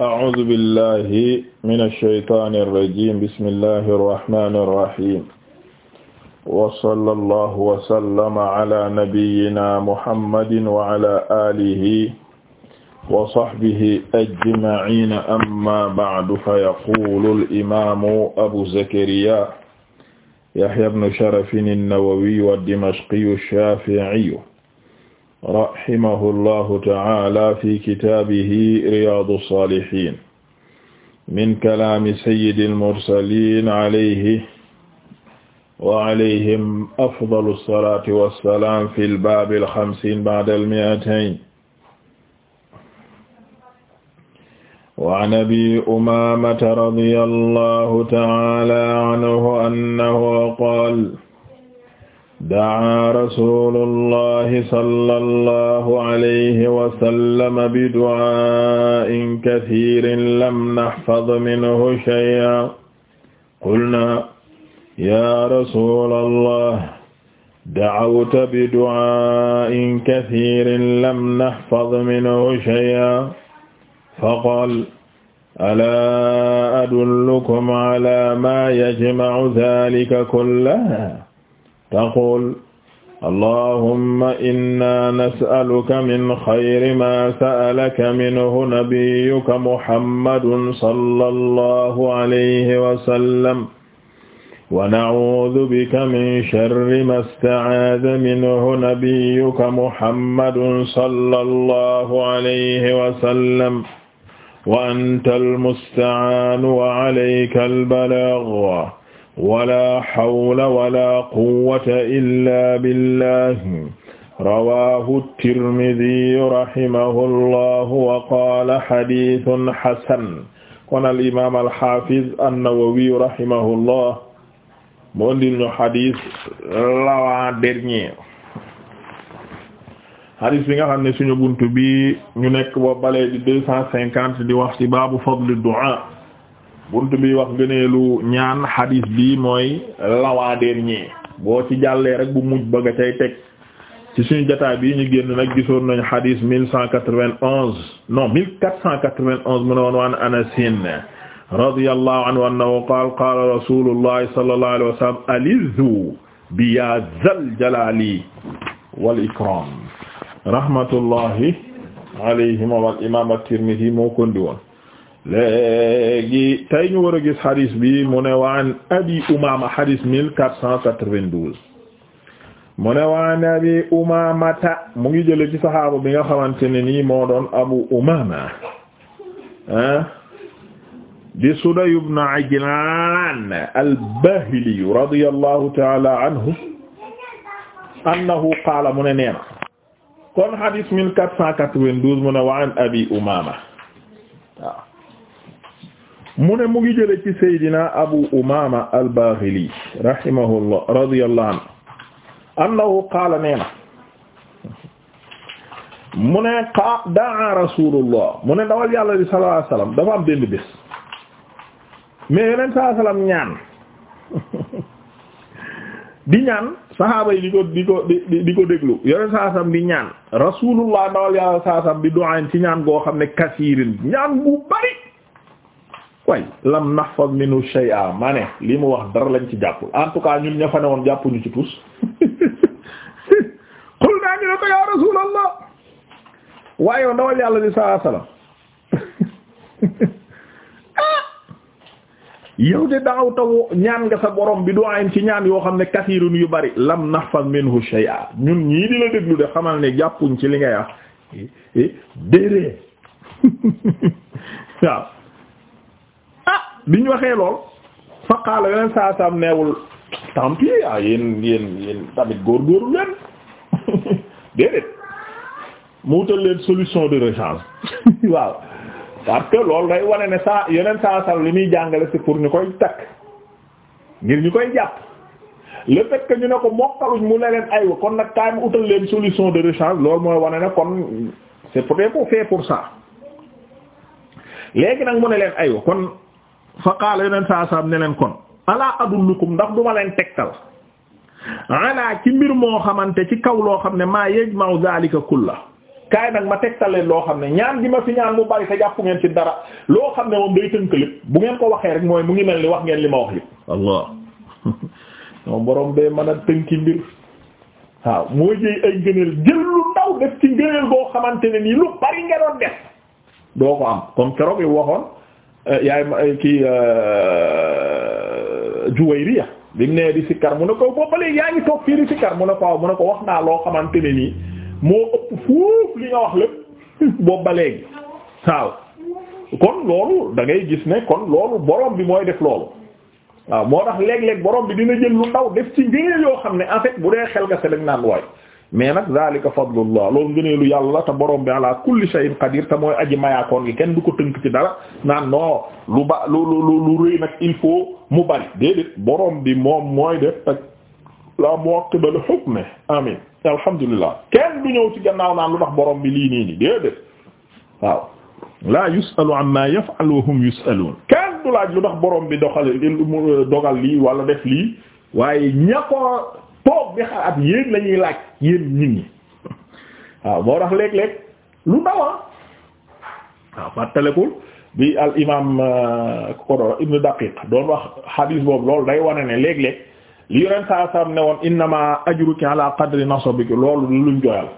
أعوذ بالله من الشيطان الرجيم بسم الله الرحمن الرحيم وصلى الله وسلم على نبينا محمد وعلى آله وصحبه أجمعين أما بعد فيقول الإمام أبو زكريا يحيى بن شرف النووي الدمشقي الشافعي rahimahu llahu ta'ala fi kitaabihi riyaadu saalihiin min kalaami sayyidil mursaliin alayhi wa alayhim afdalu salaati wa salaam fil baabil xamsiin ba'dal mi'atayn wa an abii umaamata radiyallahu ta'ala anhu annahu qaala daa rasulullahi sallallahu alayhi wa sallam bidu'aa'in kathiirin lam nahfaz minhu shay'an qulnaa yaa rasulallah da'awta bidu'aa'in kathiirin lam nahfaz minhu shay'an faqaala alaa adullukum alaa maa yajma'u dhaalika kullahu taqul allahumma inna nas'aluka min xayri ma sa'alaka minhu nabiyyuka muhammadun sallallahu alayhi wa sallam wa na'uudu bika min sharri ma sta'aada minhu nabiyyuka muhammadun sallallahu alayhi wa sallam wa anta al-musta'aanu wa alayka al-balaag wala hawla wala quwwata illa billah rawahu tirmidi rahimahu llahu wa qaala xaditun xasan kon al imam alhafiz annawawiyu rahimahu llah mu andil ñu xadis l'avant dernier xadis bi nga xam ne suñu bunt bi ñu nekk ba balee di deux cent cinquante di wax ci baabu fadle du'a bunt bi wax lu ñaan xadiis bi mooy lawaadeen ñee boo ci jàllee rek bu muj ba nga cay teg ci suñu jotaay bi ñu génn nag gisoon nañu xadiis mille cent quatre-vingt-onze non quatre cent quatre-vingt-onze mu ne woon waan anasin radiyallahu anhu annahu qaal qaala rasulullahi sallallahu alayhi wa sallam alizu bi yaa zal jalali wal ikram rahmatullahi alayhima wal imam léegi tey ñu war a gis xadis mu abi umama xadis mille quatre cent quatre-vingt-douze mu ne abi umamata mu ngi jële ci saxaaba bi nga xamante ne nii moo doon abu umama ah di Suday ibn al-Bahili radiyallahu ta'ala anhu annahu qaala mu ne neena kon xadis mille quatre abi umama mu ne mu ngi jële ci Seydina Abu Umaama al-Baaxili rahimahullah radiyallahu anhu annahu qaala nee mu ne daa rasulullah mu ne dawal yàlla li sallallahu alayhi dafa am benn bés mais yeneen sallallahu alayhi ñaan di ñaan saxaaba yi di ko di ko di di di ñaan rasulullah dawal yàlla sallallahu alayhi wasallam bi ci ñaan goo xam ne kasiirin ñaan bu bari way lam nahfaz minhu shay'a ma lii mu wax dara lañ ci jàppul en tout cas ñun ña fa woon jàppuñu ci tous xul naa ñu ne ko ya rasulallah waaye yow ndawal yàlla di saa salaam yow de daaw taw ñaan nga sa borom bi du du'ayn ci ñaan yoo xam ne kasiirun yu bari lam nahfaz minhu shay'a ñun ñii di la déglu de xamal ne jàppuñ ci li ngay wax eh, eh, déree waaw biñ waxee lool fa qaala saa saam neewul tant pis ah yéen yéen yéen tamit góorgóorlu leen déedéet mu wutal leen solution de rechange waaw parce que loolu day wane ne saa yeneen saa saam li muy jàngale si pour ñu koy takk ngir ñu koy jàpp le fait que ñu ne ko moo mokkaluñ mu ne leen aywa kon nag kaay mu utal leen solution de rechange lool mooy wane ne kon c'est pour faire pour ça léegi nag mu ne leen aywa kon. fa qaala yeneen saa saam ne leen kon alaa adullukum ndax duma leen tegtal alaa ci mbir moo xamante ci kaw loo xam ne maa yajma'u kul la kaay nag ma tegtaleen loo xam ne ñaan gi ma fi ñaan mu bari te jàpp ngeen ci dara loo xam ne moom day tënk lépp bu ngeen ko waxee rek mooy mu ngi mel ni wax ngeen li ma wax lépp allah moom borom bee mën a tënki mbir waaw moo jëy ay ngëneel jël lu ndaw def ci ngëneel boo xamante ne nii lu bari nga doon def doo ko am comme keroog yi waxoon Euh, yaay euh, kii euh, Juwayriya bi mu nee di sikkar mu ne ko boo balee yaa ngi toog fii di mu ne ko mu ne ko wax naa loo xamante ne nii moo ëpp fuuf li nga wax lépp boobu léegi waaw kon loolu dangay gis ne kon loolu borom bi mooy def loolu waaw moo tax léeg-léeg borom bi dina jël lu ndaw def ci ngëneel yoo xam ne en bu dee xel nga se dag naan waay mais nag zalika fadlullah loolu ngëneelu yàlla la te borom bi ala kulli shay'in qadir te mooy kenn du ko tënk dara naan non lu ba il faut mu bari déedéet borom bi moom mooy def tak la muwaqqiba li hukmi amin alhamdulillah kenn du ñëw ci gannaaw lu tax borom bi lii nii nii déedéet waaw la yusalu amma yaf'al wa hum yusalun kenn du laaj lu tax borom bi doxal dogal lii wala def lii waaye ña ko toog bi xalaat yéen la ñuy laaj yéen nit ñi waaw moo tax léeg-léeg lu ndawa ah. waaw fàttalekul bi al imam euh, kodo ibnu daqiq doon wax xadiis boobu loolu day wane ne léeg-léeg li yoneen saa sam ne woon innama ajruki ala qadri nasabiki loolu lu luñ jooyal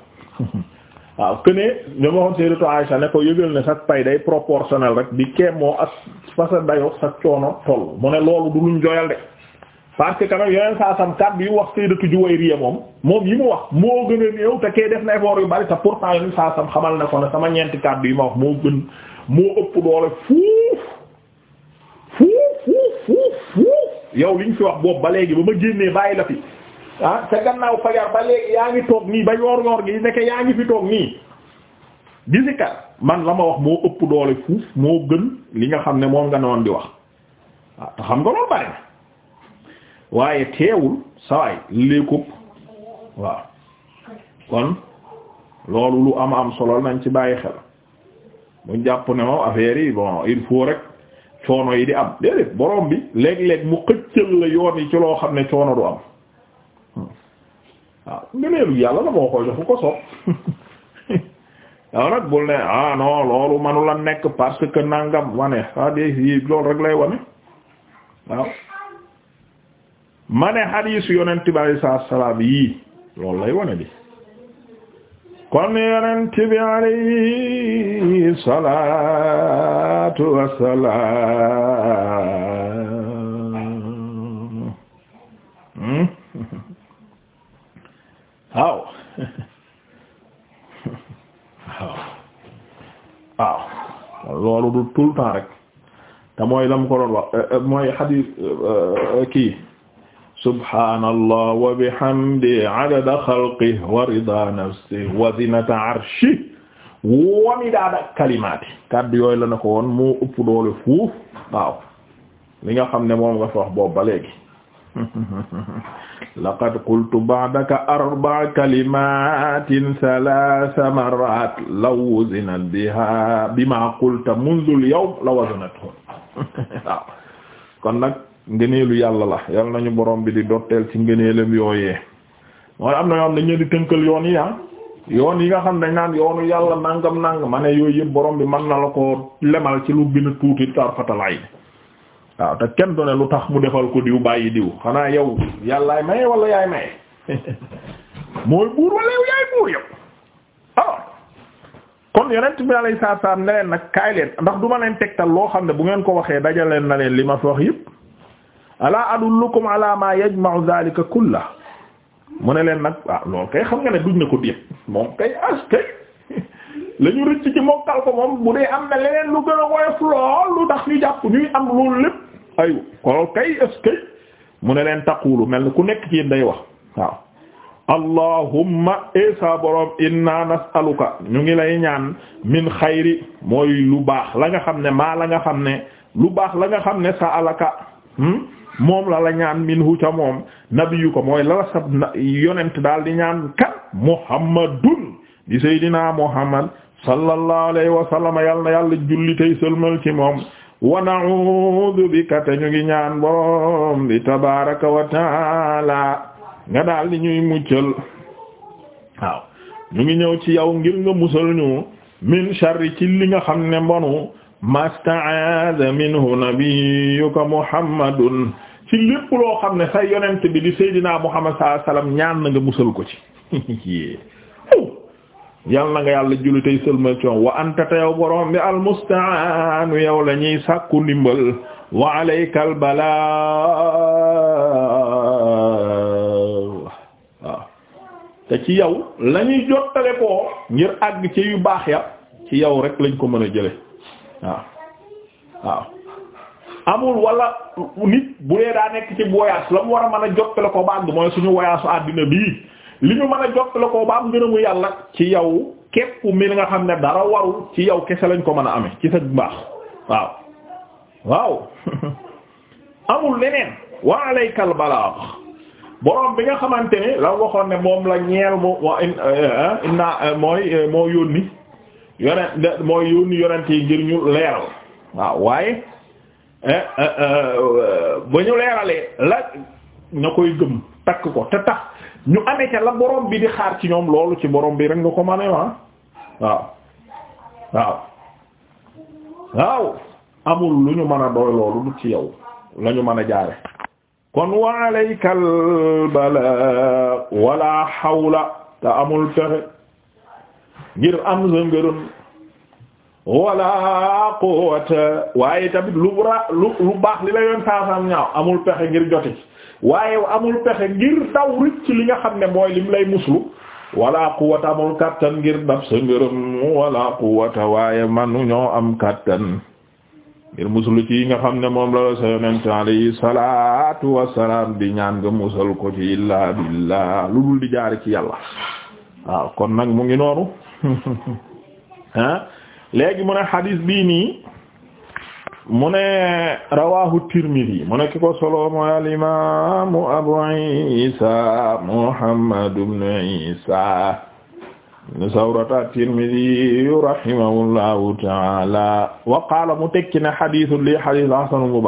waaw que ne li ma waxoon Sayyidatu Aisha ne ko yëgal ne sa pay day proportionnel rek di keemoo ak fa sa dayoo sa coono toll mu ne loolu du luñ jooyal de parce que quand même yeneen saa sam kàddu yi wax Sayyidatu Juwayriya moom moom yi mu wax moo gën a néew te kee def na effort yu bari te pourtant yeneen saa sam xamal na ko ne sama ñeenti kàddu yi ma wax moo gën moo ëpp doole fuuf yow liñ fi wax boobu ba léegi ba ma bàyyi la fi ah sa gannaaw yaa ngi toog nii ba yoor yoor gi nekk yaa man la ma wax moo ëpp doole fuuf moo gën li nga xam ne moom nga noon di wax ah, te xam nga loolu bari na waaye teewul sawaay léekup waaw kon loolu lu am am solo nañ ci bàyyi xel mu jàpp ne moom affaire yi bon il rek coono yi di am déedéet borom bi léeg-léeg mu xëccal la yoon yi ci loo xam ne coono du am waaw ngëneelu yàlla la moo koy jox ko soob waaw nag bul ne ah non loolu manu la nekk parce que nangam wane ah des loolu rek lay wane waaw. ma ne xadiisu yonent bi alayhi salaam yii loolu lay wane di kon yonent bi alayhi salaatu wassalaam hmm? waaw waaw waaw loolu du tout le temps mooy la mu ko doon eh, eh, mooy xadiis eh, kii subhaanallah wa bihamdihi adada xalqihi wa ridaa nafsihi wa zinata arshihi wa midaada kalimaatihi kàddu yooyu la na ko woon moo ëpp doole fuuf waaw li nga xam ne moom nga fi wax boobu ba léegi laqad qultu ba'daka arba'a kalimatin salaasa marrat law wuzinat biha bima qulta mundu al-yawm la waznathu waaw kon nag ngëneelu yàlla la yàlla nañu borom bi di dotteel ci ngëneelam yooyee mooy am na yoo xam ne di tënkal yoon yi ah yoon yi nga xam dañ naan yoonu yàlla nangam nang ma ne yooyu yëpp borom bi mën na la ko lemal ci lu gën a tuuti tarfatalaay waaw te kenn doone lu tax mu defal ko diw bàyyi diw xanaa yow yàllaay maye wala yaay maye mooy buur wala yow yaay buur yow ah. kon yonent bi alayhi salaam ne leen nag kaay leen ndax du ma leen tegtal loo xam ne bu ngeen ko waxee dajaleen na leen li alaa adullukum ala ma yajma'u dhalika kullah mu ne leen nag waaw loolu kay xam nga ne duñ ne ko déet moom kay as kay la ci mokkal ko moom bu dee am na leneen lu gën a woyof lool lu tax ñu jàpp ñuy am loolu lépp ayu ko kay as mu ne leen taqulu mel ni ku nekk ci day wax waaw allahumma esa borom inna nasaluka ñu ngi lay ñaan min xayri mooy lu baax la nga xam ne maa la nga xam ne lu baax la nga xam ne sa hmm? moom la la ñaan minhu ca moom nabiyu ko mooy lala sab yonent daal di ñaan kan muhammadun di seydina muhammad sallallahu alayhi yal na yàlla julli tey sëlmal ci moom wa na'udhu bika te ñu ngi ñaan borom bi tabaraka wa nga daal di ñuy muccal waaw ñu ngi ñëw ci yow ngir nga musal ñu min sharri ci li nga xam ne mbonu masta'aada minhu nabiyyuka muhammadun ci lépp loo xam ne say yonent bi di seydinaa muhammad sallallahu alayhi wasallam ñaan na nga musal ko ci yal na nga yàlla julli tey sëlmal ci wa anta te yow borom bi almustaanu yow la ñuy sàkku ndimbal wa alayka al balaa waaw te ci yow la ñuy jottale ngir àgg ci yu baax ya ci yow rek lañ ko mën a jële waaw waaw amul wala nit bu dee daa nekk ci voyage la mu war a mën a jottale ko ba àgg mooy suñu voyage àddina bii li ñu mën a jottale ko ba am ngërëmu yàlla ci yow képp mi li nga xam ne dara warul ci yow kese lañ ko mën a ame ci sa baax waaw waaw amul leneen wa alaykal balaagh borom bi nga xamante ne la waxoon ne moom la ñeel mu wa in eh, eh, inna eh, mooy moo yonent mooy yónni yonent yi ngir ñu leeral waaw waaye eh, eh, eh, ba ñu leeralee la nga koy gëm takk ko te tax ñu amee ca la borom bi di xaar ci ñoom loolu ci boroom bi rek nga ko ma ne ma ah. waaw waaw waaw amul lu ñu mën a doy loolu du ci yow lañu ñu mën a jaare kon wa alaykal bala wala hawla te amul pexe ngir am sa ngërëm wala waaye tamit lu ra lu baax li la yoon ñaaw amul pexe ngir joti waaye amul pexe ngir daw rëcc li nga xam ne mooy lim lay muslu wala quwwata amul kattan ngir daf sa ngërëm wala waaye man ñoo am kattan ngir muslu ci nga xam ne moom la la sa yonent alayhi salaatu wassalaam di ñaan nga musal ko ci illaa billah lu dul di jaari ci yàlla waaw kon nag mu ngi noonu ah léegi mu ne xadis bii nii mu ne rawahu Tirmidhi mu Abu Isa Muhammad ibn Isa ibn Sawrata Tirmidhi rahimahullahu ta'ala wa qaala mu tekki ne xadisu lii xadis hasan bu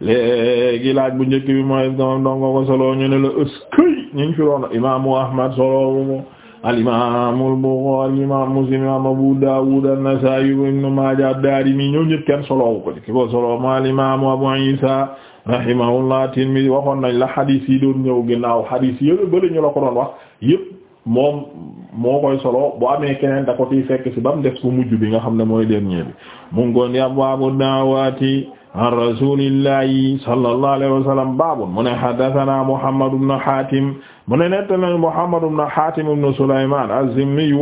léegi laaj bu njëkk bi mooy dama dongo solo ñu ne la ëskëy ñu Ahmad solo al-imaam al-Buxaari imaam Muslim imaam Abu Daawuud an-Nasaa'i ibn Maaja ad-Daarimi ñoo ñëpp kenn soloowu ko ki ko soloo ma al-imaam Abu Iisaa rahimahullah Tirmidi waxoon nañ la xadiis yi doon ñëw ginnaaw xadiis yële bale ñu la ko doon wax yëpp moo koy solo bu amee keneen da ko ciy si ci ba mu des bu mujj bi nga xam ne mooy dernier bi mu ngi koon di abwaabu daawaati an rasuulillahi sallallahu alayhi wa sallam baabun mu ne haddasanaa Muhammad ibn Haatim mu ne netta nañu Muhammad ibn Hatim ibn Sulayman az-Zimmi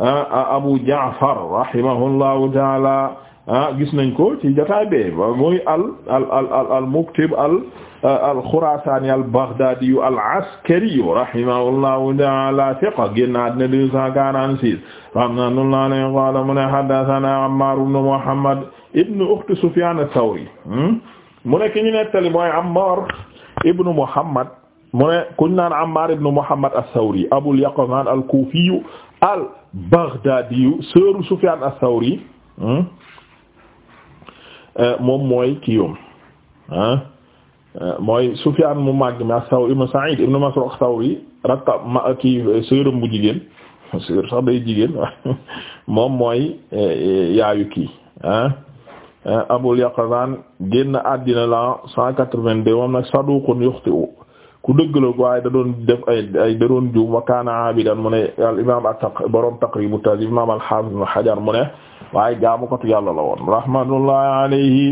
Abu Ja'far rahimahullahu ta'ala gis nañ ko ci jotaay be muy al al al al muktib al al Khurasani al Baghdadi al Askari rahimahullahu ta'ala thiqa génnaat na 246 rahmatullahi alayhi qala mu ne haddathana Ammar ibn Muhammad ibn ukhti Sufyan ath-Thawri hmm? mu ne ki ñu nettali mooy Ammar ibn Muhammad mu ne kuñ naan Ammar ibn Muhammad as-Sawri Abul Yaqzan al-Kufi al-Baghdadi seeru Sufyan as-Sawri hmm? eh, moom mooy kiiwam ah eh, mooy Sufyan mu màgg mi as-Sawri ibn Sa'id ibn Masruq as-Sawri rakka ma kii eh, seeram bu jigéen seer sax day jigéen moom mooy yaayu kii ah Abul Yaqzan génn àddina la 182 moom nag saduqun ku dëgg la waaye da doon def ay ay da doon juum wa kaana abidan mu ne al imaam at-taq borom taqribu tahzib imaam al-hafiz ibn hajar mu ne waaye jaamukatu yàlla la woon rahmatullahi alayhi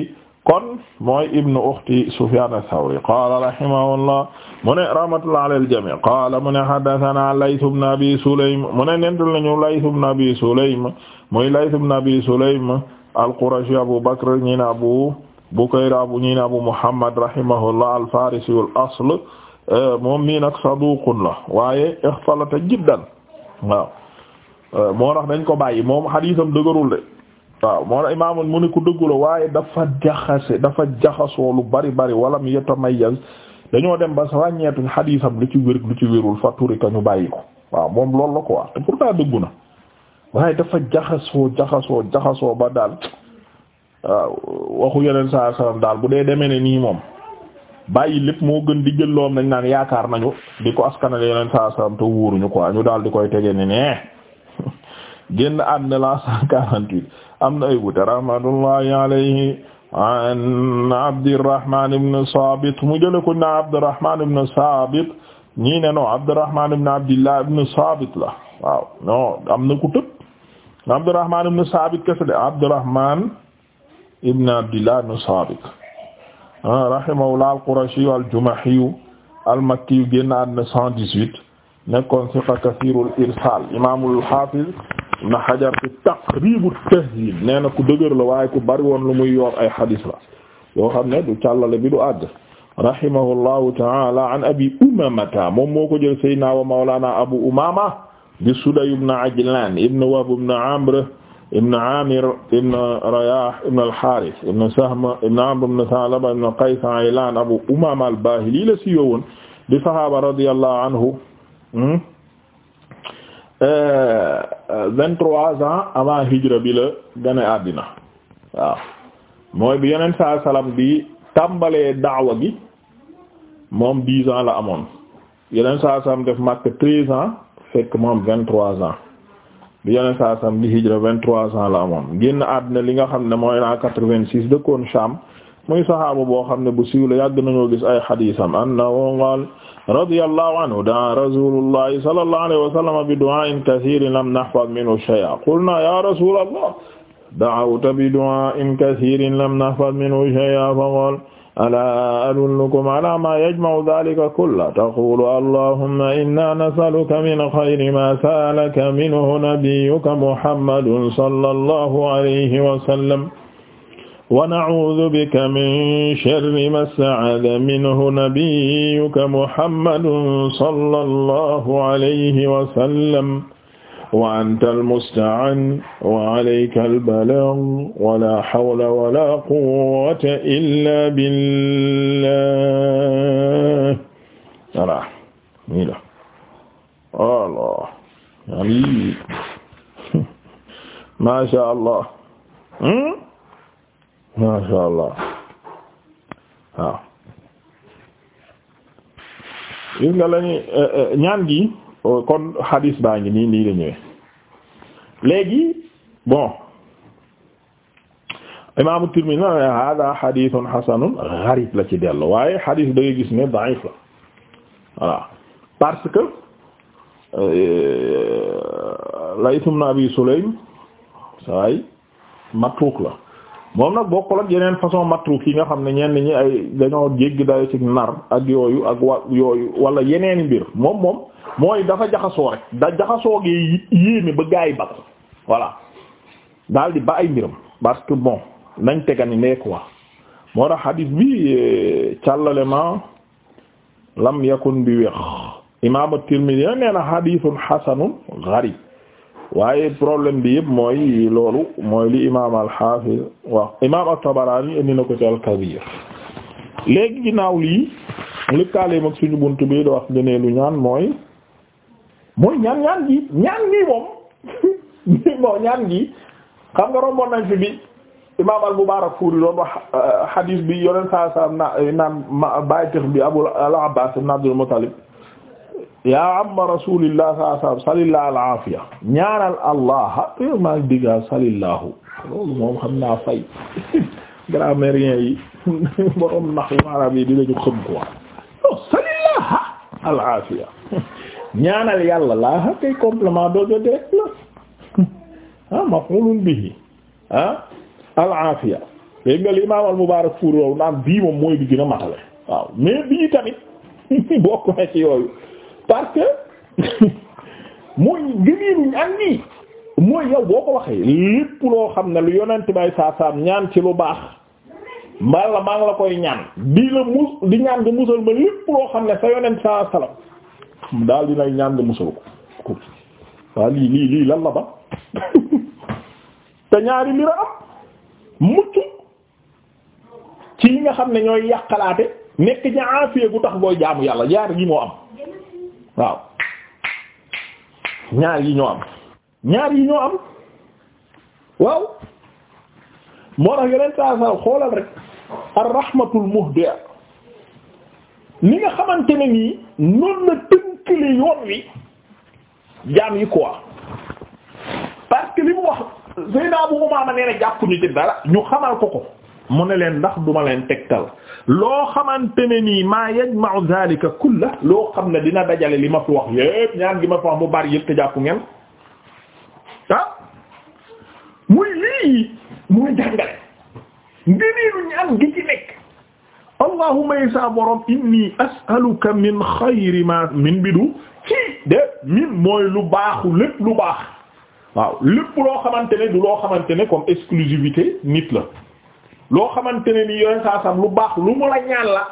kon mooy ibnu ukhti sufyan ath-thawri qala rahimahullah mu ne rahmatullah ala al-jami' qala mu ne hadathana layth ibn abi sulaym mu ne nentu lañu layth ibn abi sulaym mooy layth ibn abi sulaym al-qurashi abu bakr ñi na abu bukayr abu ñi na abu muhammad rahimahullah al-farisi al-asl Euh, moom mii nag saduqun la waaye ixtalata jiddan waaw euh, moo tax dañ ko bàyyi moom xadiisam dëgërul de waaw moo tax imaamul mu ne ku dëggu la waaye dafa jaxase dafa jaxasoo lu bari bari walam yatamayyaz dañoo dem ba sa wàññeetuñ xadiisam lu ci wér lu ci wérul fa turika ñu bàyyi ko waaw moom loolu la quoi te pourtant dëggu na waaye dafa jaxasoo jaxasoo jaxasoo ba daal waaw waxu yeneen saa salaam daal bu dee demee ne moom. bàyyi lépp moo gën di jël loom naan yaakaar nañu di ko askanale yeneen saa salaam te wuuruñu quoi ñu daal di koy tege ne nee génn àddina la 148 am na ay wute rahmatullahi alayhi an Abdirrahman ibn Sabit mu jëlee ko na Abdirrahman ibn Sabit ñii ne non Abdirrahman ibn Abdillah ibn Sabit la waaw non am na ku tëb Abdirrahman ibn Sabit kese de Abdirrahman ibn Abdillah ibn Sabit Ah, rahimahullah al-Qurashi al-Jumahi al-Makki génn àddina 118 nekkoon siqa kasiirul irsaal imaamul haafiz Ibn Hajar fi Taqrib at-Tahdhib nee na ku dëgër la waaye ku bari woon lu muy yor ay hadis la yoo xam ne du càllale bi du àgg rahimahullahu ta'ala Abi Umamata moom moo ko jël Sayyidina wa Mawlana Abu Umama di Suday ibn Ajlan ibn Wahb ibn Amr ibn amir ibn rayah ibn al-harith ibn sahm ibn amr ibn thalaba ibn qays aylan abu umama al-bahili la siiwe woon sahaba radiyallahu anhu hmm? eh, vingt-trois ans avant hijra bi la gane mooy bi yeneen saa salaam bi tàmbalee daawa gi moom dix ans la amoon yeneen saa salaam def Makka treize ans fekk moom vingt-trois ans bi yoneen saa sam di hijra vingt-trois ans la amoon génn li nga xam ne mooy la quatre-vingt-six dëkkoon Sham muy sahaaba boo xam ne bu siiw la yàgg nañoo gis ay xadiisam annahu qaal radiyallahu anhu daa rasulullahi sallallahu alayhi wa sallam bi du'aa'in kathiirin lam nahfaz minhu shay'an qulna ya rasulallah da'awta bi du'aa'in kathiirin lam nahfaz minhu shay'an fa qaal alaa adullukum alaa maa yajma'u dhaalika kullahu taqulu allahumma inna nas'aluka min khayri maa sa'alaka minhu nabiyyuka muhammadun sallallahu alayhi wa sallam wa na'uudhu bika min sharri maa ista'aadha minhu nabiyyuka muhammadun sallallahu alayhi wa sallam wa anta almusta'an wa alayka albalag wala hawla illa billah voilà nii ma sha Allah ma sha Allah waaw gis nga lañu eh, eh, kon hadis baa ngi léegi bon imaamu Tirmidhi hada hadithun hasanun gharib la ci dellu waaye hadith da gis ne da'if la voilà parce que euh, Layth ibn Abi Sulaym saay matruk la moom nag bokkul ak yeneen façon matruk yi nga xam ne ñenn ñi ay dañoo jéggi dayo ci nar ak yooyu ak wa yooyu wala yeneeni mbir moom moom mooy dafa jaxasoo rek da jaxasoo gi yéeme ba gaay ba voilà daal di ba ay mbiram parce que bon nañ tegani ne quoi moo tax hadith bi eh, càllalema lam yakun bi wéex imam at-Tirmidhi nee na hadithun waaye problème bi yëpp mooy loolu mooy li imam al-Hafiz wax imam na ko ci al-Kabir léegi ginnaaw lii lëkkaale mag suñu bunt bi da wax gëneelu ñaan mooy mooy ñaan ñaan gi ñaan gi moom bon ñaan gi xam nga romboon nañ fi bi imaam al-Mubarak Fuuri doon wax hadis euh, bi yoneen saa saa naan baytix bi Abu al-Abbas ibn Abdul Muttalib yaa amma rasulillah saa saa salillah al-aafiya ñaanal Allah maa ngi digga salillahu loolu moom xam naa fay grammairien yi borom nax yu arab yi dinañu xam quoi al-aafiya ñaanal yàlla laa kay complément doo direct la ah maf'ulun bihi ah al-aafiya léegi nga li imaam mubaarak Fuuri yow naan bii moom mooy bi gën a matale waaw mais bii tamit bokk na ci yooyu parce que mooy gëniinuñ ak nii mooy yow boo ko waxee lépp loo xam ne lu yonent ci lu baax la maa ngi la koy ñaan di la mus di ne sa yonent saa lii lii lii lan la ba te ñaari mbir a am mucc ci yi nga xam ne ñooy yàqalaate nekk ña aafiya tax booy jaamu yàlla ñaar yi moo am waaw ñaar yi ñoo am ñaar yi waaw moo tax yeneen saa saa xoolal rek ar-rahmatul muhdiya ni nga xamante ne nii noonu la tënkale yoon wi jaam yi quoi parce que li mu wax Seydina Abu Umaama nee na jàppuñu ci dara ñu xamal ko ko mu ne leen ndax duma leen tegtal loo xamante ne nii maa loo xam ne dina dajale li ma fi ñaan gi ma fi mu bari yépp te jàppu ngeen ah muy lii muy jàngale ngëneelu ñaan gi ci nekk allahumma yasa borom inni as'aluka min xayri ma min bidu ci de min mooy lu baaxu lépp lu baax waaw lépp loo xamante ne du loo xamante ni comme exclusivité nit la loo xamante ne ni yooyu saa sam lu baax lu mu la ñaan la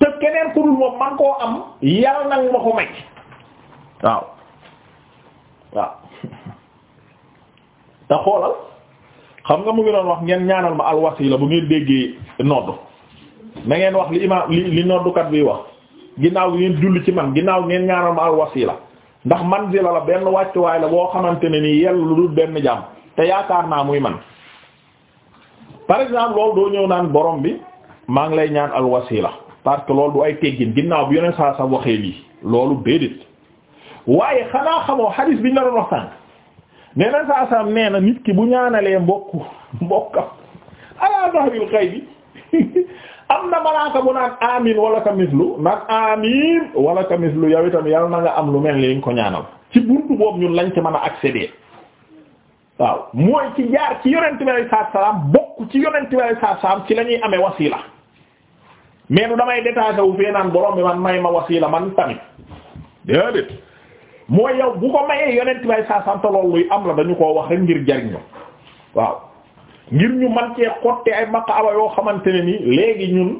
te keneen ku dul moom man koo am yàlla nag ma ko may waaw waaw te xoolal xam nga mu ngi doon wax ngeen ñaanal ma alwasila bu ngeen déggee nodd na ngeen wax li imaam li li noddukat bi wax ginnaaw ngeen julli ci man ginnaaw ngeen ñaanal ma la ndax manzila la benn wàccuwaay la boo xamante ne nii yell lu dul benn jàmm te yaakaar naa muy man par exemple loolu doo ñëw naan borom bi maa ngi lay ñaan alwasila parce que loolu du ay teggin ginnaaw bi yoneen saa sa waxee lii loolu déedéet waaye xanaa xamoo xadiis bi ñu la doon wax sànq na saa saa nee na nit ki bu ñaanalee mbokk mbokkam ala zahril xaybi am na malaaka bu naan amin wala ka naan amin wala ka mislu yow itam yàlla na nga am lu mel ni ko ñaanal ci buntu boobu ñun lañ ci mën a accéder waaw mooy ci jaar ci yonent bi alayhi bokk ci yonent bi alayhi ci lañuy ñuy amee wasila mais nu damay détaché wu fee naan borom bi man may ma wasila man tamit déedéet mooy yow bu ko mayee yonent bi alayhi salaam te luy am la dañu koo wax rek ngir jariñu waaw. ngir ñu man cee xotte ay maqaaba yoo xamante ne ni léegi ñun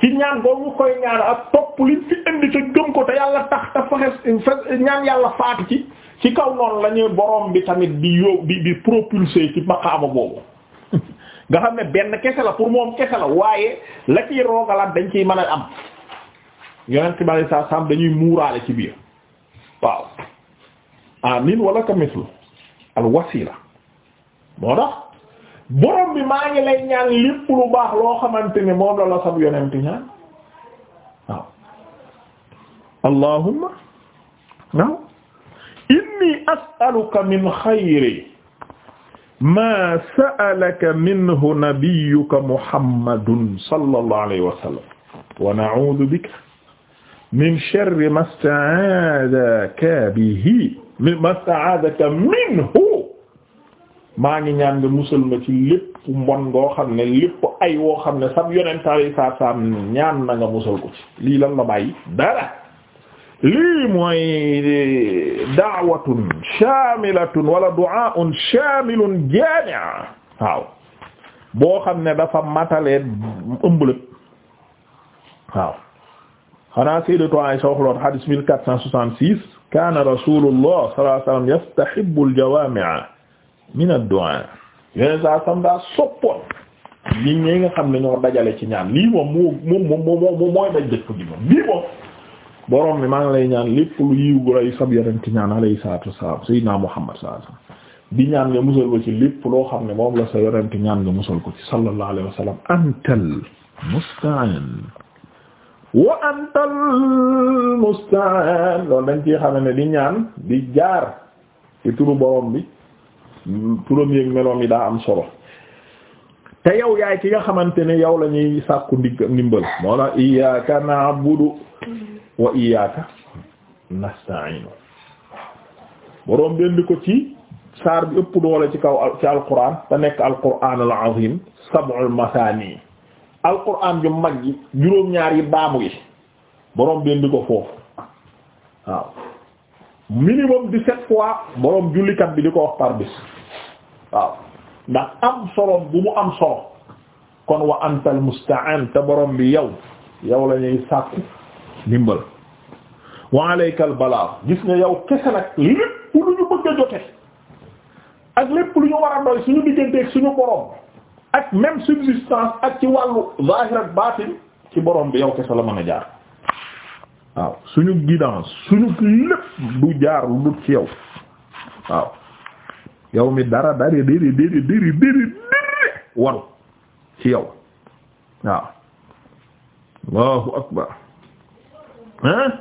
ci ñaan boobu ñu koy ñaan ak topp li fi indi te gëm ko te yàlla tax te fexe ñaan yàlla faatu ci ci kaw noonu la ñuy borom bi tamit di yóbbu di di propulser ci maqaaba boobu. nga xam ne benn kese la pour moom kese la waaye la ciy roogalaat dañ ciy mën a am yonent bi sallallahu alayhi wasallam dañuy muuraale ci biir waaw amin wala ka mislu al wasila moo tax borom bi maa ngi lay ñaan lépp lu baax loo xamante ne moom la la sab yonent ñaan waaw allahumma waaw inni as'aluka min xayri ma sa'alaka minhu nabiyyuka muhammadun sallallahu alayhi wa sallam wa na'udhu bika min sharri ma sta'adaka bihi ma sta'adaka minhu maa ngi ñaan nga musal ci lépp mbon ngoo xam ne lépp ay woo xam ne sab yonentaale saab saab ñaan na nga ci lii lan la bàyyi dara lii mooy eh, daawatun shamilatun wala du'aun shamilun jami'a boo xam ne dafa matalee ëmb lépp waaw xanaa sayyidatu Aisha waxloon hadith 1466 kana rasulullah sallallahu alayhi wasallam yastahibbul jawami'a min ad-du'a yeneen saa sam daa soppoon li ñi nga xam ne ñoo dajale ci ñaan lii moom moo moom moom moom mooy daj dëkk bi moom lii moom borom bi maa ngi lay ñaan lépp lu yiw gu lay sab yonent ñaan alayhi salaatu wassalaam sayyidina Muhammad sallallahu alayhi wasallam di ñaan nga musal ko ci lépp loo xam ne moom la sa yonent ñaan nga musal ko ci sallallahu alayhi wasallam antal musta'an wa antal musta'an loolu dañ ci xam ne di ñaan di jaar ci turu borom bi turam yéeg yi daa am solo te yow yaay ki nga xamante ne yow la ñuy sàkku ndig ndimbal moo la iyyaka na'budu wa iyyaka nasta'in boroom benn ko ci saar bi ëpp doole ci kaw ci alquran te nekk alquran al azim sab'ul masani alquran ju mag yi juróom-ñaar yi baamu yi boroom benn ko foofu waaw minimum dix-sept fois borom jullikat bi di ko wax par bis waaw ndax am solo bu mu am solo kon wa antal musta'an te borom bi yow yow la ñuy sàkku ndimbal wa alaykal balaa gis nga yow kese nag lépp lu ñu bëgg a jote ak lépp lu ñu war a doy suñu digganteeg suñu borom ak même subsistance ak ci wàllu zahir ak ci borom bi yow kese la mën a jaar. waaw suñu guidance suñu lépp du jaar lu dul ci yow waaw yow mi dara dari dari dari dari dari dari waru ci yow waaw allahu akbar hein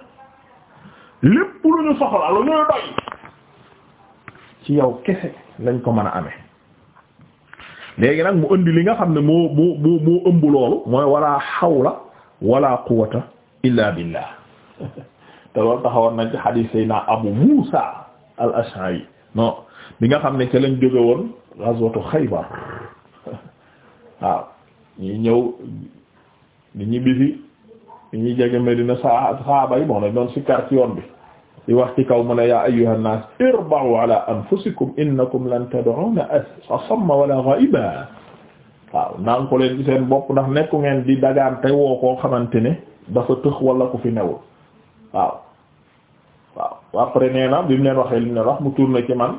lépp lu ñu soxla lu ñuy doy ci yow kese lañ ko mën a amee léegi nag mu indi li nga xam ne moo moo moo moo ëmb loolu mooy wala xawla wala quwwata illa billah te loolu taxawoon nañ ci xadiis yi naa Abu Muusa al-Ash'ari non bi nga xam ne ca lañ jóge woon ghazwatu Xaybar waaw ñi ñëw di ñu bisi di ñuy jege Medina saaba yi moom lañ doon sikkar ci yoon bi di wax ci kaw mu ne yaa ayyuha an-naas irba'u ala anfusikum innakum lan tad'una asamma wala ghaiba waaw naa ko leen ci seen bopp ndax nekku ngeen di dagaan te woo koo xamante ne dafa tëx wala ku fi newul waaw waaw après nee na bi mu leen waxee li mu leen wax mu tourné ci man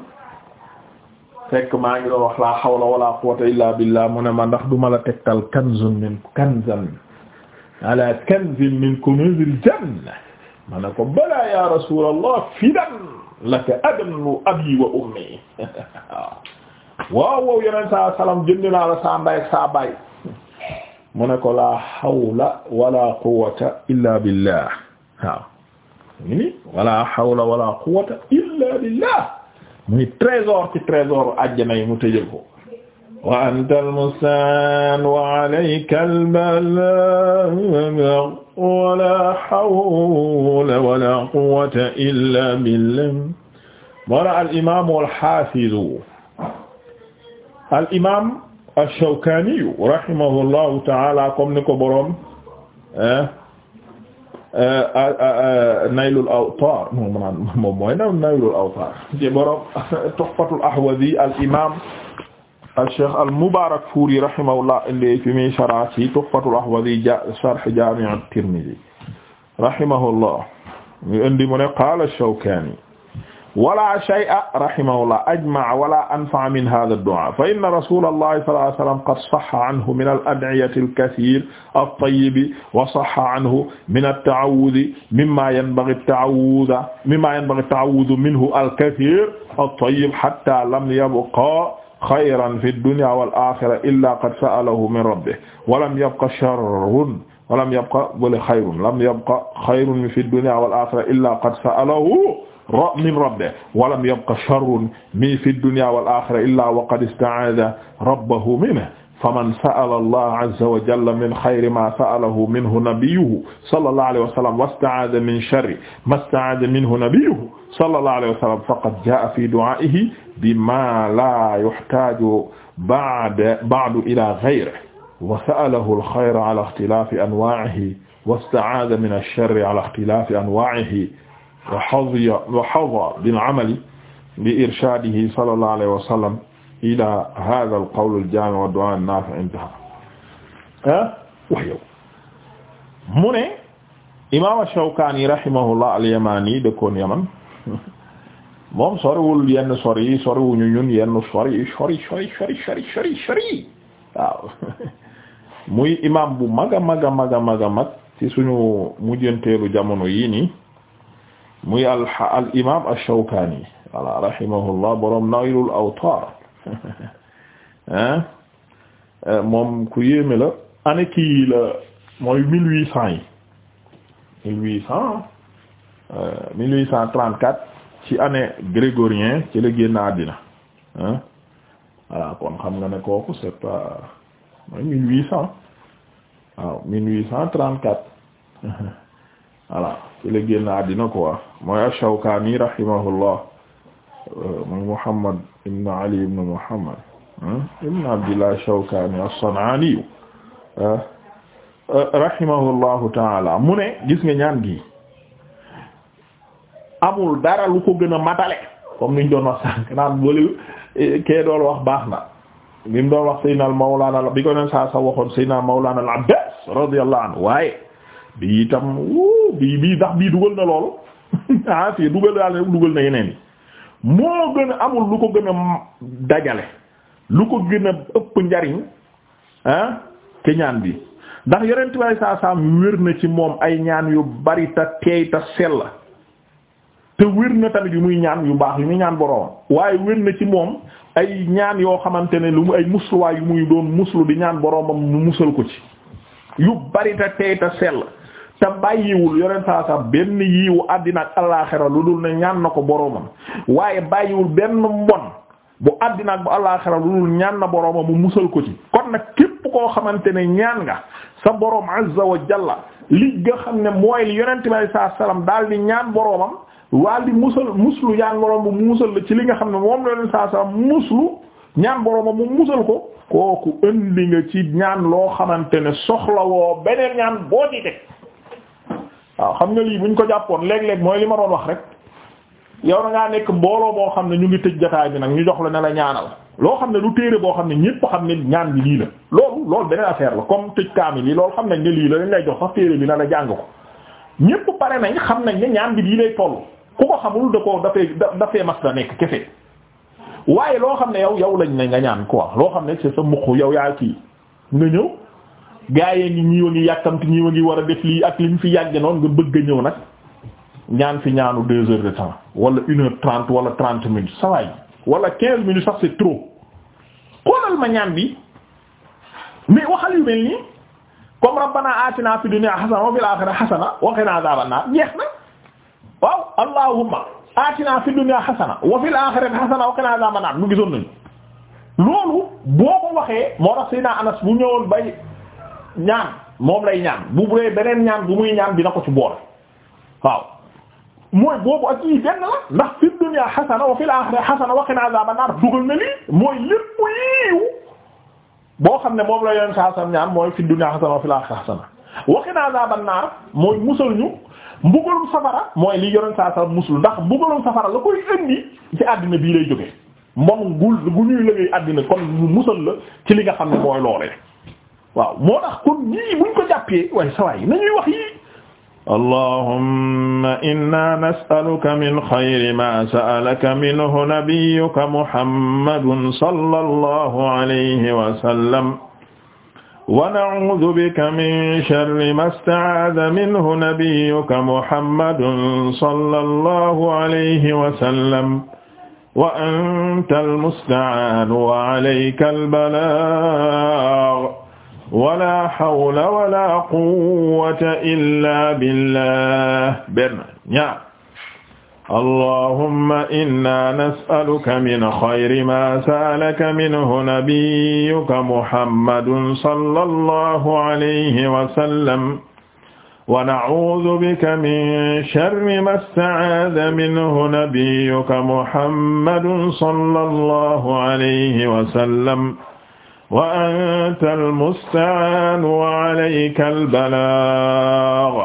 fekk maa ngi doon wax laa hawla wala quwwata illa billah mu ne ma ndax du ma la tegtal kanzun min kanzan ala kanzin min kunuzil janna ma ne ko balaa ya rasulallah fidan laka adamlu abi wa ummi waaw waaw yeneen saa salaam jënd naa la saa mbaay saa baay mu ne ko laa hawla wala quwwata illa billah waaw ni wala hawla wala quwwata illa billah muy trésor ci trésor àjjana yi mu tëjël ko wa anta almustaan wa alayka albalagh wala hawla wala quwwata illa billah wala al imam wal hafiz al imam ash-Shawkani rahimahullahu ta'ala comme ni ko boroom eh, naylul awtar moom naan moom mooy na naylul awtar ci borom tuhfatul ahwazi al imam acheikh al mubarakfuri rahimahullah indee fi muy sharh ci tuhfatul ahwazi ja sharh jami' at-tirmidhi rahimahullah mu indi mu ne qaala ash-shawkani wala shay'a rahimahullah ajma'a wala anfa'a min hadha ad-du'a fa inna rasulallahi sallallahu alayhi wa sallam qad sahha anhu min al-ad'iyati al-kathir at-tayyib wa sahha anhu min at-ta'awwudh mimma yanbaghi at-ta'awwudh mimma yanbaghi at-ta'awwudh minhu al-kathir at-tayyib hatta lam yabqa khayran fi ad-dunya wal-akhirah illa qad sa'alahu min rabbih wa lam yabqa sharrun wa lam yabqa wala khayrun lam yabqa khayrun fi ad-dunya wal-akhirah illa qad sa'alahu min rabbihi walam yabqa sharrun mi fi dunya wal akhirati illa wa qad ista'adha rabbahu minhu faman sa'ala Allah azza wa jalla min xayri ma sa'alahu minhu nabiyyuhu sallallahu alayhi wa sallam wasta'aadha min sharri ma sta'aadha minhu nabiyyuhu sallallahu alayhi wa sallam faqad jaa'a fi du'aa'ihi bimaa laa yuhtaaju ba'da ba'du ilaa ghayrihi wa sa'alahu al-xayra ala ixtilaafi anwaa'ihi wasta'aadha min ash-sharri ala ixtilaafi anwaa'ihi wa hadiya wa hada bil amali bi irshadihi sallallahu alayhi wa sallam ila hadha al qawl al jami' wa du'a an nafi' intaha ah wax yow mu ne imam Shawkani rahimahullah al yamani dëkkoon yaman moom soriwul yenn sori soriwuñu ñun yenn sori sori sori sori sori sori sori waaw muy imam bu mag a mag a mag a mag a mag ci suñu mujjanteelu jamono yii nii muy al al imaam ash-Shawkaani voilà rahimahullah borom Naylul Awtaar hein euh, moom ku yéeme la année kii la mooy mille huit cent yi mille huit euh, cent quatre ci année grégorien ci la génn àddina hein voilà kon xam nga ne kooku c'est pas mooy mille huit cent waaw mille huit cent trente-quatre voilà ci la génn àddina quoi mooy ash-Shawkani rahimahullah euh, mooy Muhammad ibn Ali ibn Muhammad ibn Abdillah ash-Shawkani as-San'ani euh, rahimahullahu taala mu ne gis nga ñaan gi amul dara lu ko gën a matale comme niñ doon wax sànq naan boolu eh, kee doon wax baax na li mu wax Seydina al Mawlana al Abbas radiyallahu anhu waaye bii itam wuu bii bii ndax bii dugal na loolu ah fii dugal daal dugal na yeneen yi moo gën a amul lu ko gën a dajale lu ko gën a ëpp njariñ ah ke ñaan bi ndax yeneen tubaab saa saam wér na ci moom ay ñaan yu bari te teey te sell te wér muy ñaan yu baax yu muy ñaan boroom waaye wér na ci moom ay ñaan yoo xamante ne lu mu ay musluwaay yu muy doon muslu di ñaan boroomam mu musal ko ci yu bari te sell te bàyyiwul yoneen saa sax benn yiwu àddina ak àllaaxira lu dul ne ñaan na ko boroomam waaye bàyyiwul benn mbon bu àddina ak bu àllaaxira lu dul ñaan na boroomam mu musal ko ci kon nag képp koo xamante ne ñaan nga sa boroom azza wa jalla li nga xam ne mooy li yonent bi alayhi salaatu salaam daal di ñaan boroomam waal di musal muslu yaan boroom bu mu musal la ci li nga xam ne moom la yonent saa salaam muslu ñaan boroomam mu musal ko kooku indi nga ci ñaan loo xamante ne soxlawoo beneen ñaan boo di teg waaw xam nga lii bu buñ ko jàppoon léeg-léeg mooy li ma doon wax rek yow na ngaa nekk mbooloo moo xam ne ñu ngi tëj jotaay bi nag ñu jox la ne la ñaanal loo xam ne lu téere boo xam ne ñépp xam ne ñaan bi lii la loolu loolu beneen affaire la comme tëj kaamil yi loolu xam nañ ne lii la dañ lay jox sax téere bi na jàng ko ñépp pare nañ xam nañ ne ñaan bi lii lay toll ku ko xamul da ko dafee dafee mas da nekk kefe waaye loo xam ne yow yow lañ ne nga ñaan quoi loo xam ne c'est sa mukk yow yaa kii nga ñëw gaa yee ngi ñii ngi yàkkamti ñii ngi war a def lii ak liñ fi yàgg noonu nga bëgg a ñëw nag ñaan fi ñaanu deux heures de temps wala une heure trente wala trente minutes ça va wala quinze minutes sax c'est trop xoolal ma ñaan bi mais waxal yu mel nii comme rabbana atina fi dunya fi dunya hasana wa fil akhirati hasana wa qina adhaban nar mu gisoon nañu loolu boo ko waxee moo tax Seydina Anas bu ñëwoon bay ñaan moom lay ñaan bu buree beneen ñaan bu muy ñaan dina ko ci boole waaw mooy boobu ak yii benn la ndax fi dunya xasana wa fil axira xasana wa qina azaban naar dugal na lii mooy lépp yiiw boo xam ne moom la yoon sa sam ñaan mooy fi dunya xasana wa fil axira xasana wa qina azaban naar mooy musal ñu mbugalum safara mooy li yoon saa sam musul ndax mbugalum safara la koy indi ci àddina bii lay jóge mbon gul gu ñuy liggéey àddina kon musal la ci li nga xam ne mooy loolee waaw moo tax kon ñii buñ ko jàppee waaye sa waay nañuy wax yii allahumma inna nas'aluka min xayri ma sa'alaka minhu nabiyyuka muhammadun sallallahu alayhi wa sallam wa na'uudu bika min sharri ma sta'aada minhu nabiyyuka muhammadun sallallahu alayhi wa sallam wa anta al-musta'aan wa alayka al-balaag wala hawla wala quwwata illa billah benn ñaar allahumma inna nas'aluka min khayri ma sa'alaka minhu nabiyyuka muhammadun sallallahu alayhi wa sallam wa na'uudhu bika min sharri ma ista'aadha minhu nabiyyuka muhammadun sallallahu alayhi wa sallam wa anta almusta'aan wa alayka albalaag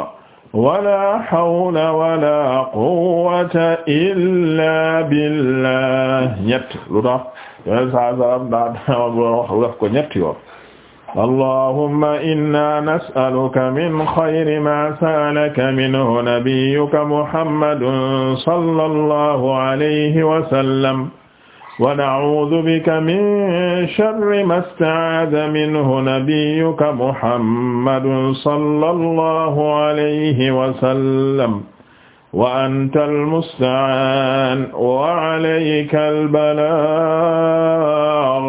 wala hawla wala quwwata illa billah ñett lu tax yoneen saa salam daa daam loon wax daf ko ñett yoon allahumma inna nas'aluka min khayri ma sa'alaka minhu nabiyyuka muhammadun sallallahu alayhi wa sallam wa na'uudu bika min sharri ma sta'aada minhu nabiyyuka muhammadun sallallahu alayhi wa sallam wa anta al-musta'aan wa alayka al-balaag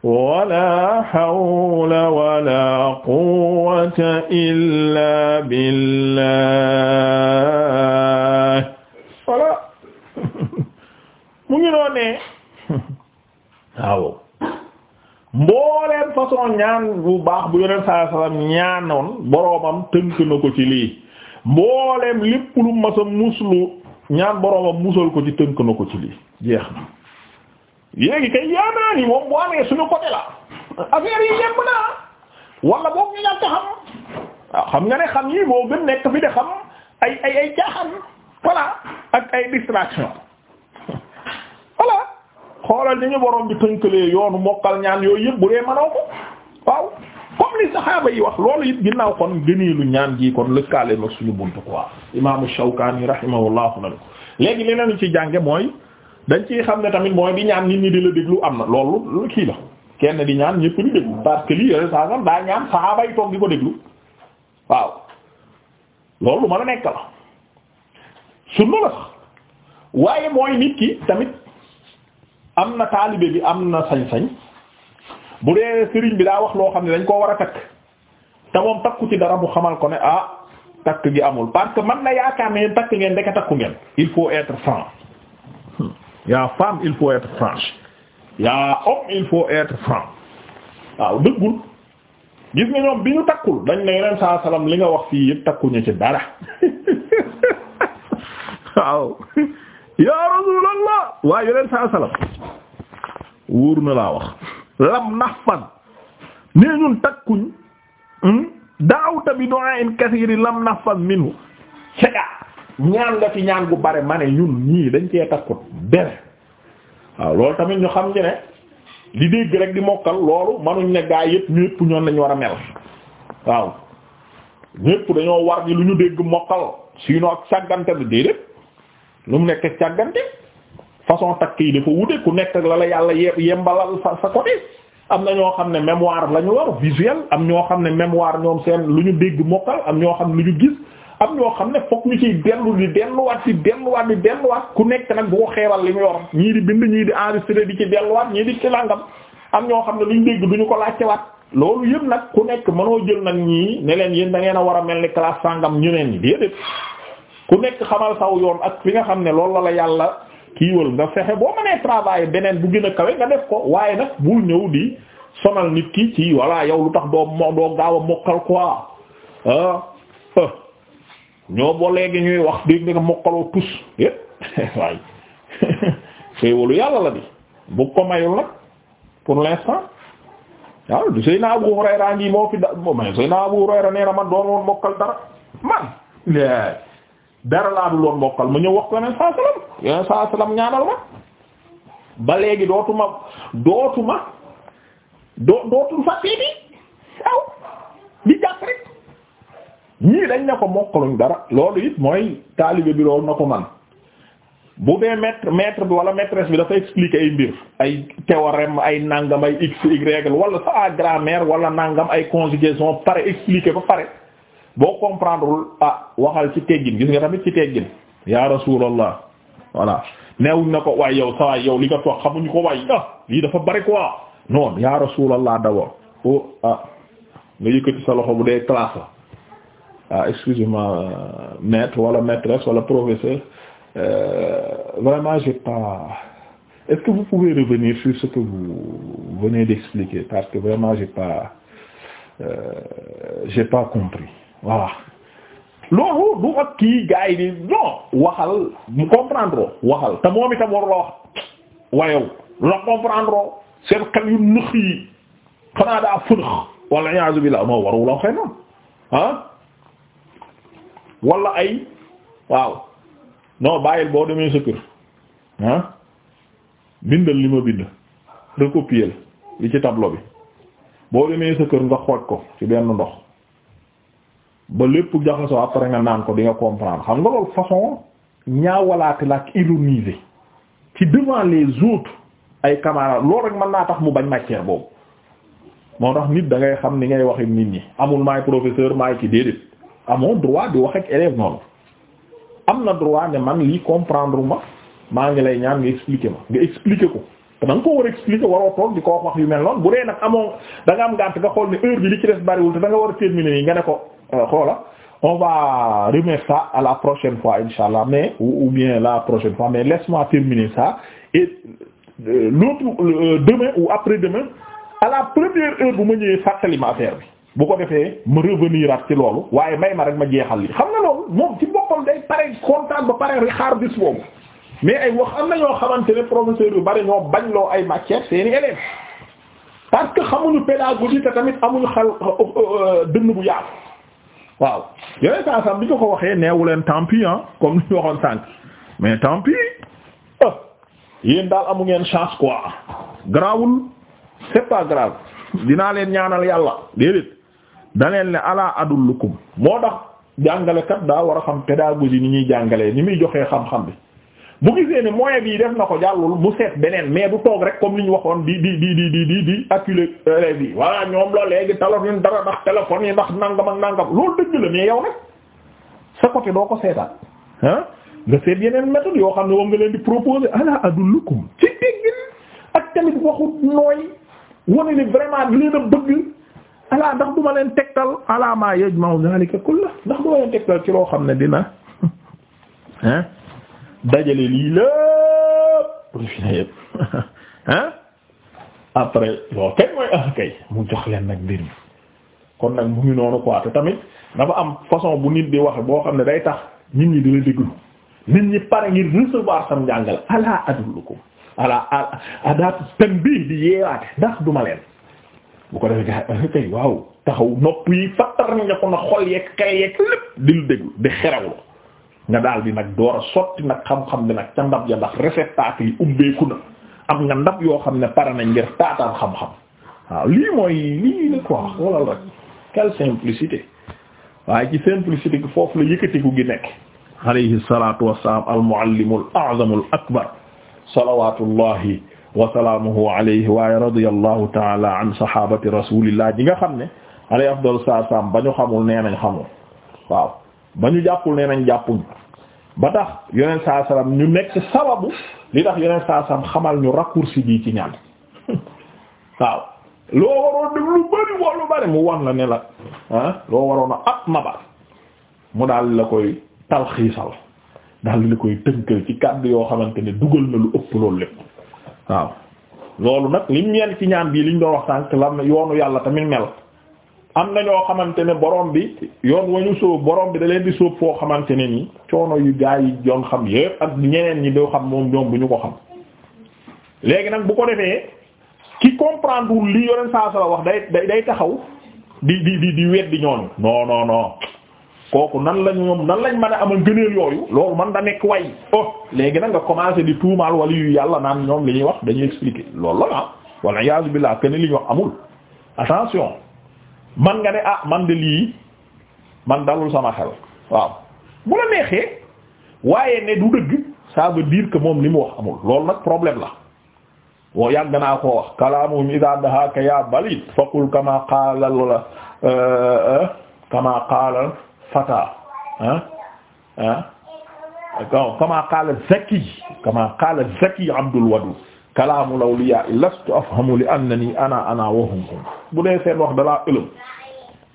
wala hawla wala quwwata illa billah. voilà mu ngi noonu waaw mbooleen façon ñaan bu baax bu yoneen saa salaam ñaanoon boroomam tënk na ko ci lii mbooleem lépp lu masa muslu ñaan boroomam musal ko ci tënk na ko ci lii jeex na léegi kay yaanaan yi moom bu amee suñu côté la affaire yi yemb naa wala boog ñu ñàkk xam waaw xam nga ne xam yi boo gën nekk fi de xam ay ay ay jaaxan voilà ak ay distraction voilà xoolal dañu ñu bi tënkalee yoonu mokkal ñaan yooyu yëpp bu dee manoo ko waaw comme li saxaaba yi wax loolu it ginnaaw kon lu ñaan gi kon lëkkaale mag suñu buntu quoi imaamu Shawkaani rahimahullahu na ko léegi li mooy dañ ciy xam ne tamit mooy di ñaan nit ñi am na loolu kii la kenn di ñaan ñëpp di déglu parce que lii yore saa daa ñaan saxaaba yi toog di ko déglu waaw loolu lu mën a nekk la sunna la sax waaye mooy nit ki tamit am na taalibe bi am na sañ-sañ bu dee sëriñ bi daa wax loo xam ne dañ koo war a takk te moom takku ci dara mu xamal ko ne ah takk gi amul parce que man na yaakaar ne yéen takk ngeen ndeke takku ngeen il faut être franc hmm. yaa femme il faut être franche yaa homme il faut être franc waaw dëggul gis nga ñoom bi ñu takkul dañ ne yeneen saa salaam li nga wax fii yëpp takkuñu ci dara waaw yaa rasuulallah waaye yoneen saa salaam wóor na laa wax lam nahfad nee ñun takkuñ hmm? daawta bi du'a'in kasiiri lam nahfad minhu sega ñaan nga fi ñaan gu bare ma ne ñun ñii dañ cee takkut bere waaw loolu tamit ñu xam ci ne li dégg rek di mokkal loolu manuñ ne gaa yépp ñépp ñoon lañu war a mel waaw ñépp dañoo war di lu ñu dégg mokkal sinon ak sàggante bi déedéet lu mu nekk càggante façon takk yi dafa wute ku nekk la la yàlla yembalal sa sa côté am na ñoo xam ne mémoire la ñu war visuel am ñoo xam ne mémoire ñoom seen lu ñu dégg mokkal am ñoo xam ne lu ñu gis am ñoo xam ne fokk ñu ciy dellu di delluwaat ci delluwaat di delluwaat ku nekk nag bu ko xeebal li mu yor ñii di bind ñii di enregistré di ci delluwaat ñii di ci langam am ñoo xam ne lu ñu dégg du ñu ko laajtewaat loolu yëpp nag ku nekk mënoo jël nag ñii ne leen yéen ngeen a war a mel ni classe sangam ñu neen ñi ku nekk xamal saw yoon ak fi nga xam ne loolu la la yàlla kiiwal nga fexe boo mënee travailler beneen bu gën a kawe nga def ko waaye nag bul ñëw di sonal nit kii ci walla yow lu tax doo mo doo gaaw a mokkal quoi ah, ah. ñoo bo léegi ñuy wax dégg nga mokkaloo tus yépp eh, waaye xéewalu yàlla la di bu ko mayul nag pour l'instant waaw du Seydina Abu Hurayra ngi moo fi da moo may Seydina Abu Hurayra nee na man doon woon mokkal dara man dara laa dul woon mbokkal ma ñëw wax ko yeneen saa salaam yeneen ñaanal ma ba léegi dootuma dootuma doo dootul fàttee bi aw ñii dañ ne ko mokkaluñ dara loolu it mooy taalibe bi loolu na ko man bu dee maître maître bi wala maîtresse bi dafa expliquer ay mbir ay théorème ay nangam ay x y wala sa grand-mère wala nangam ay conjugaison pare expliquer ba pare boo comprendrewul ah waxal ci teggin gis nga tamit ci teggin ya rasulallah voilà neewuñ na ko waay yow sa waay yow li nga toog xamuñ ko waay ah lii dafa bari quoi non ya rasulallah d'abord oh ah nga yëkkati sa loxo bu dee classe la ah excusez-moi euh, maître wala maîtresse wala professeur euh, vraiment j'ai pas est-ce que vous pouvez revenir sur ce que vous venez d'expliquer parce que vraiment j'ai pas euh, j'ai pas compris voilà loolu du ak kii gars yi di non waxal mu comprendre waxal te moom itam waru la wax wayow la comprendre seen xel yu nëx yi xanaa daa fënax wala iyaazu billah moo waru la waxee noonu ah ay waaw non bàyyil boo demee sa kër ah bindal li ma bind recopier li ci tableau bi boo demee sa kër nga xooj ko ci benn ndox ba lépp jaxasoo après nga naan ko di nga comprendre xam nga loolu façon ñaawalaate la ak ironiser ci devant les autres ay camarades loolu rek mën naa tax mu bañ matière boobu moo tax nit da ngay xam ni ngay waxe nit ñi amul maay professeur maay ci déedéet amoo droit di wax ak élève noonu am na droit ne man lii comprendre ma maa ngi lay ñaan nga expliquer ma nga expliquer ko da nga ko war expliquer waroo di ko wax wax yu mel noonu bu dee nag amoo da nga am ngànt nga xool ne heure bi li ci des bariwul te da nga war a terminer nii nga ne ko euh, xoola on va remettre ça à la prochaine fois inshallah mais ou bien la prochaine fois mais laisse-moi terminer ça et euh, l'autre euh, demain ou après-demain à la première heure bu ma ñëwee fàttali ma affaire bi bu ko defee ma revenir ci loolu waaye may ma rek ma jeexal li xam nga loolu boobu mais ay wax am na ñoo xamante ne professeurs yu bari ñoo bañ loo ay matières seeni élèves parce que xamuñu pédagogie te tamit amuñu xel euh, euh, dënn bu yaatu waaw yeneen saa sam bi nga ko waxee neewu leen tant pis comme ni ñu waxoon sànq mais tant pis ah yéen daal amu ngeen chance quoi grawul c'est pas grave dinaa leen ñaanal yàlla déedéet da leen ne ala adullukum moo tax jàngalekat daa war a xam pédagogie ni ñuy jàngalee ni muy joxee xam-xam bi. bu gisee ne mooy bii def na ko jàllul mu seet beneen mais du toog rek comme li ñu waxoon di di di di di di di acculé élèves yi ñoom la léegi talon yi dara ndax téléphone yi ndax nangam ak nangam loolu dëgg la mais yow nag sa côté doo ko seetaat ah nga seet yeneen méthode yoo xam ne moom nga leen di proposer ala adullukum ci déggin ak tamit waxut nooy wane ni vraiment di leen a bëgg ala ndax duma leen tegtal ala ma yajma'u zalika kullah ndax duma leen tegtal ci loo xam ne dina ah dajale lii lépp li fi ne yëpp ah après loo kay mooy ah kay mu jox leen nag mbir mi kon nag mu ngi noonu quoi te tamit dafa am façon bu nit di wax boo xam ne day tax nit ñi di la déglu nit ñi pare ngir recevoir sam njàngale ala adullukum ala adat tanbih di yeewaate ndax duma leen bu ko defee gaa ah kay waaw taxaw nopp yi fattar nañ ko na xol yeeg xel yeeg lépp di lu déglu di xerawlu nga daal di nag door a sotti nag xam-xam bi nag ca ndab ya ndax réceptacle yi ubbeeku na am nga ndab yoo xam ne pare nañ ngir taataan xam-xam waaw lii mooy lii la quoi xoolal rek quelle simplicité waaye ci simplicité gi foofu la yëkkatiku gi nekk alayhi salatu wasalaam almuallimu al a'zamu al akbar salawatullahi nga xam ne alayhi afdal salaam ba ñu xamul nee nañ xamul waaw ba ñu jàppul nee nañ jàppuñ ba tax yeneen saa salaam ñu nekk sababu li tax yeneen saa salaam xamal ñu raccourci bii ci ñaan waaw loo waroon def lu bari woo lu bari mu wax la ne la ah, loo waroon a at mabar mu daal la koy talxiisal daal la koy tënkal ci kàdd yoo xamante ne dugal na lu ëpp loolu lépp waaw loolu nag lim ñeen ci ñaan bii liñ doon wax sànq la yoonu yàlla tamit mel am na ñoo xamante ne boroom bi yoon wa ñu sóob borom bi da leen di sóob foo xamante ne nii coono yu gaa yi doon xam yépp ak ñeneen ñi doo xam moom ñoom bu ñu ko xam léegi nag bu ko defee ki comprendre li yoneen saa sala wax day day taxaw di di di di weddi ñooñu non non non kooku nan lañu moom nan lañ mën a amal gëneel yooyu loolu man da nekk way oh léegi nag nga commencé di tuumaal wala yu yàlla naan ñoom li ñuy wax dañuy expliquer lool la ah wala iyaazu billah ken li ñu wax amul attention man nga ne ah man de lii man dalul sama xel waaw bu la neexee waaye ne du dëgg ça veut dire moom li mu wax amul loolu nag problème la woo yàgg naa koo wax kalaamuhum idaa dahaaka yaa balid faqul kama qaala la eh, eh, kama fata ah ah kama qaala zaki kama qaala zaki abdul wadud kalaamu lawliyaa lastu afhamu li ana ana wa bu dee seen wax dalaa ëlëm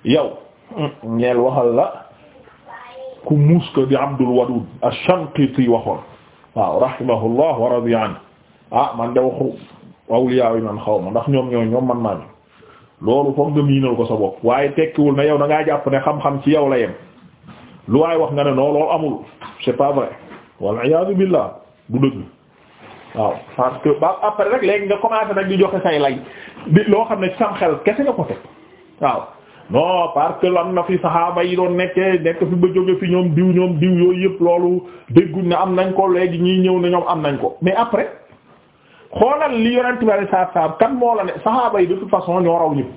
yow ñeel waxal la ku muus di Abdul Wadud ash-Shanqiti waxoon waaw rahimahullah wa radiya anhu ah, man de waxu awliyaa yi man xaw ma ndax ñoom ñoo ñoom man maa ñu loolu foog nga miinal ko sa waaye tekkiwul na yow da ngaa jàpp ne xam-xam ci yow la yem lu waaye wax nga ne non loolu amul c'est pas vrai wal iyaadu billah du dëgg waaw parce que ba après rek léegi nga commencé nag di joxe say lay di loo xam ne ci sam xel kese nga ko teg waaw non parce que am na fi saxaaba yi doon nekkee nekk fi ba jóge fi ñoom diw ñoom diw yooyu yëpp loolu dégguñ ne am nañ ko léegi ñii ñëw ne ñoom am nañ ko mais après xoolal li yonent bari saab saab kan moo la ne saxaaba yi de toute façon ñoo raw ñëpp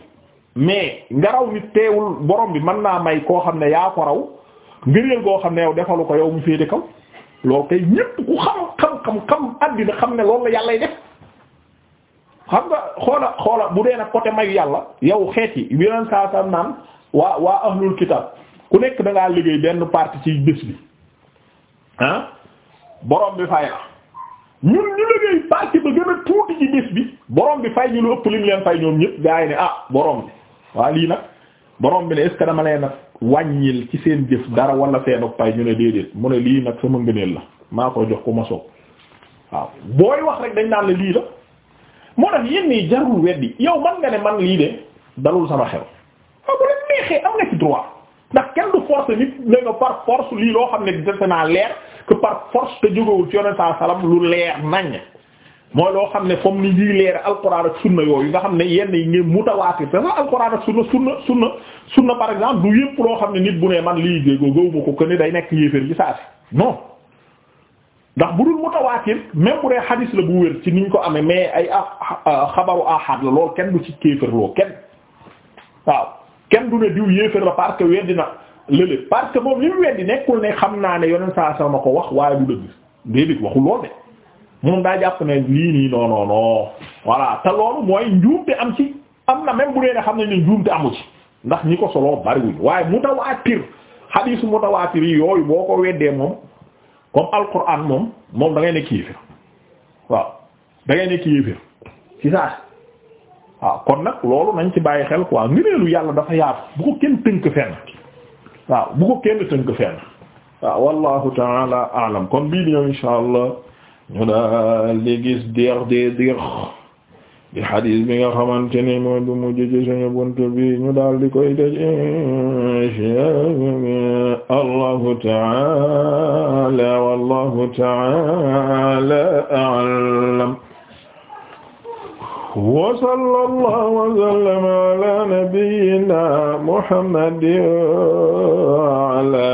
mais nga raw nit teewul borom bi man naa may koo xam ne yaa ko raw ngëréel koo xam ne yow defalu ko yow mu féete kaw loolu kay xam-xam àddina xam ne loolu la yàllay def xam nga xoola xoola bu dee nag côté mayu yàlla yow xeet yi yeneen saa saa naan waa waa ahlul kitab ku nekk da ngaa liggéey benn partie ci bés bi ah borom bi fay la ñun ñu liggéey partie a ñu ëpp lim leen fay ñoom ñëpp gaa yi ne ah boroom bi waa lii nag borom bi ne est ce que dama leen nag ci seen jëf dara wala seen pay ñu ne déedéet mu ne lii nag sama ngëneel la maa ko jox ku ma soog waaw booy wax rek dañ naan la lii la moo tax yéen nii jarul weddi yow man nga ne man lii de dalul sama xel waaw bu la neexee am nga droit ndax kenn du force nit ne nga par force lii loo xam ne dese naa leer que par force te jógewul ci yonent saa salam lu leer naññ mooy loo xam ne comme ni lii leer alxuraan ak sunna yooyu nga xam ne yenn yi ngeen mutawaatir te sax alxuraan ak sunna sunna sunna sunna par exemple du yépp loo xam ne nit bu nee man lii dégg gëw day nekk yéeféer bi saa si ndax bu dul mutawaatir même bu dee xadis la bu wér ci niñ ko amee mais ay xabaru ahad la lool kenn du ci kéefërloo kenn waaw kenn du ne diw yéefër la parce que weddi na lële parce que moom li mu weddi nekkul ne xam naa ne yoneen saa sama ko wax waaye du dëgg déedéet waxul lool de moom daa jàpp ne lii nii non non non voilà te loolu mooy njuumte am ci am na même bu dee ne xam nañ ne njuumte amu ci ndax ñi ko soloo bariwuñ waaye mutawaatir xadisu mutawaatir yi yooyu boo ko weddee moom. comme alquran moom moom da ngay nekk yéefir waaw da nekk yéefir ci saa waaw kon nag loolu nañ ci bàyyi xel quoi lu yàlla dafa yaatu bu ko kenn tënk fenn waaw bu ko kenn tënk fenn waaw wallahu taala alam kon bii di ñëw insha allah ñu daal di gis deex deex di xadis bi nga xamante ne mooy bu mujj ci suñu buntu bi ñu daal di koy tëj insha allahu taala wallahu taala a'lam wa sallallahu wa sallama ala nabiyyina muhammadin wa ala